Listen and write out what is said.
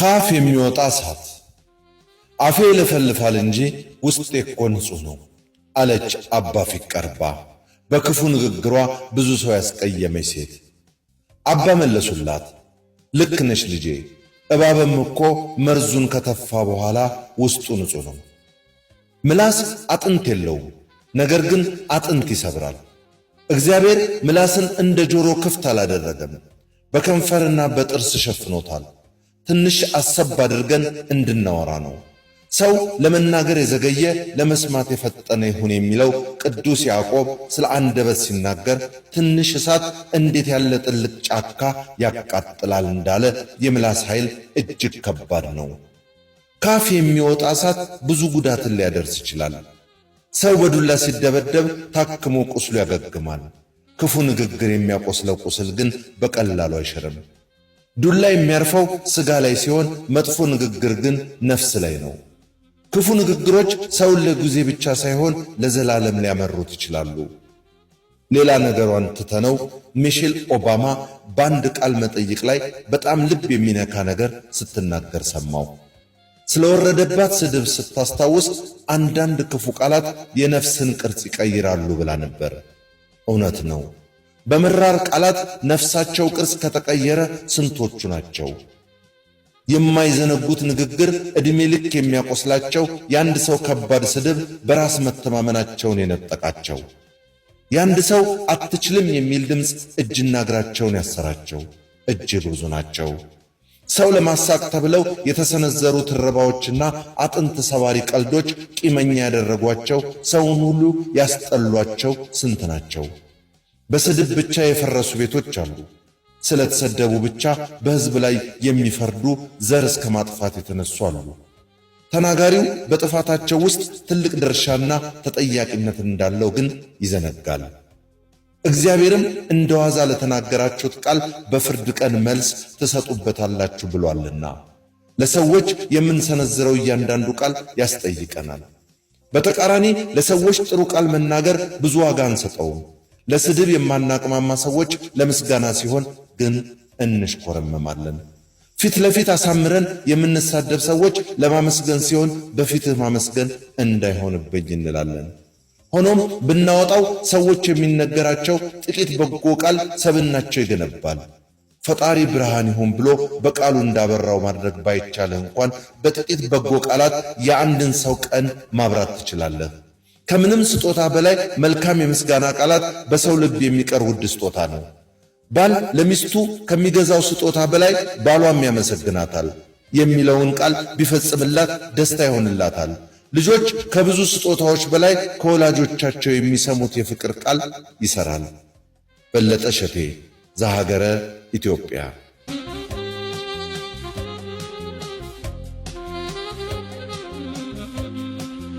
ከአፍ የሚወጣ እሳት አፌ ይለፈልፋል እንጂ ውስጤ እኮ ንጹሕ ነው አለች አባ ፊት በክፉ ንግግሯ ብዙ ሰው ያስቀየመች ሴት። አባ መለሱላት፣ ልክ ነሽ ልጄ፣ እባብም እኮ መርዙን ከተፋ በኋላ ውስጡ ንጹሕ ነው። ምላስ አጥንት የለውም፣ ነገር ግን አጥንት ይሰብራል። እግዚአብሔር ምላስን እንደ ጆሮ ክፍት አላደረገም፣ በከንፈርና በጥርስ ሸፍኖታል። ትንሽ አሰብ አድርገን እንድናወራ ነው። ሰው ለመናገር የዘገየ ለመስማት የፈጠነ ይሁን የሚለው ቅዱስ ያዕቆብ ስለ አንደበት ሲናገር ትንሽ እሳት እንዴት ያለ ጥልቅ ጫካ ያቃጥላል እንዳለ የምላስ ኃይል እጅግ ከባድ ነው። ካፍ የሚወጣ እሳት ብዙ ጉዳትን ሊያደርስ ይችላል። ሰው በዱላ ሲደበደብ ታክሞ ቁስሉ ያገግማል። ክፉ ንግግር የሚያቆስለው ቁስል ግን በቀላሉ አይሽርም። ዱላ የሚያርፈው ሥጋ ላይ ሲሆን መጥፎ ንግግር ግን ነፍስ ላይ ነው። ክፉ ንግግሮች ሰውን ለጊዜ ብቻ ሳይሆን ለዘላለም ሊያመሩት ይችላሉ። ሌላ ነገሯን ትተነው ሚሼል ኦባማ በአንድ ቃል መጠይቅ ላይ በጣም ልብ የሚነካ ነገር ስትናገር ሰማው። ስለወረደባት ስድብ ስታስታውስ አንዳንድ ክፉ ቃላት የነፍስን ቅርጽ ይቀይራሉ ብላ ነበር። እውነት ነው። በምራር ቃላት ነፍሳቸው ቅርጽ ከተቀየረ ስንቶቹ ናቸው? የማይዘነጉት ንግግር ዕድሜ ልክ የሚያቆስላቸው የአንድ ሰው ከባድ ስድብ በራስ መተማመናቸውን የነጠቃቸው፣ የአንድ ሰው አትችልም የሚል ድምፅ እጅና እግራቸውን ያሰራቸው እጅግ ብዙ ናቸው። ሰው ለማሳቅ ተብለው የተሰነዘሩ ትረባዎችና አጥንት ሰባሪ ቀልዶች ቂመኛ ያደረጓቸው፣ ሰውን ሁሉ ያስጠሏቸው ስንት ናቸው? በስድብ ብቻ የፈረሱ ቤቶች አሉ። ስለተሰደቡ ብቻ በሕዝብ ላይ የሚፈርዱ ዘር እስከ ማጥፋት የተነሱ አሉ። ተናጋሪው በጥፋታቸው ውስጥ ትልቅ ድርሻና ተጠያቂነት እንዳለው ግን ይዘነጋል። እግዚአብሔርም እንደዋዛ ለተናገራችሁት ቃል በፍርድ ቀን መልስ ትሰጡበታላችሁ ብሏልና ለሰዎች የምንሰነዝረው እያንዳንዱ ቃል ያስጠይቀናል። በተቃራኒ ለሰዎች ጥሩ ቃል መናገር ብዙ ዋጋ አንሰጠውም። ለስድብ የማናቅማማ ሰዎች ለምስጋና ሲሆን ግን እንሽኮረመማለን። ፊት ለፊት አሳምረን የምንሳደብ ሰዎች ለማመስገን ሲሆን በፊትህ ማመስገን እንዳይሆንብኝ እንላለን። ሆኖም ብናወጣው ሰዎች የሚነገራቸው ጥቂት በጎ ቃል ሰብናቸው ይገነባል። ፈጣሪ ብርሃን ይሁን ብሎ በቃሉ እንዳበራው ማድረግ ባይቻልህ እንኳን በጥቂት በጎ ቃላት የአንድን ሰው ቀን ማብራት ትችላለህ። ከምንም ስጦታ በላይ መልካም የምስጋና ቃላት በሰው ልብ የሚቀር ውድ ስጦታ ነው። ባል ለሚስቱ ከሚገዛው ስጦታ በላይ ባሏም ያመሰግናታል የሚለውን ቃል ቢፈጽምላት ደስታ ይሆንላታል። ልጆች ከብዙ ስጦታዎች በላይ ከወላጆቻቸው የሚሰሙት የፍቅር ቃል ይሰራል። በለጠ ሸቴ ዘሀገረ ኢትዮጵያ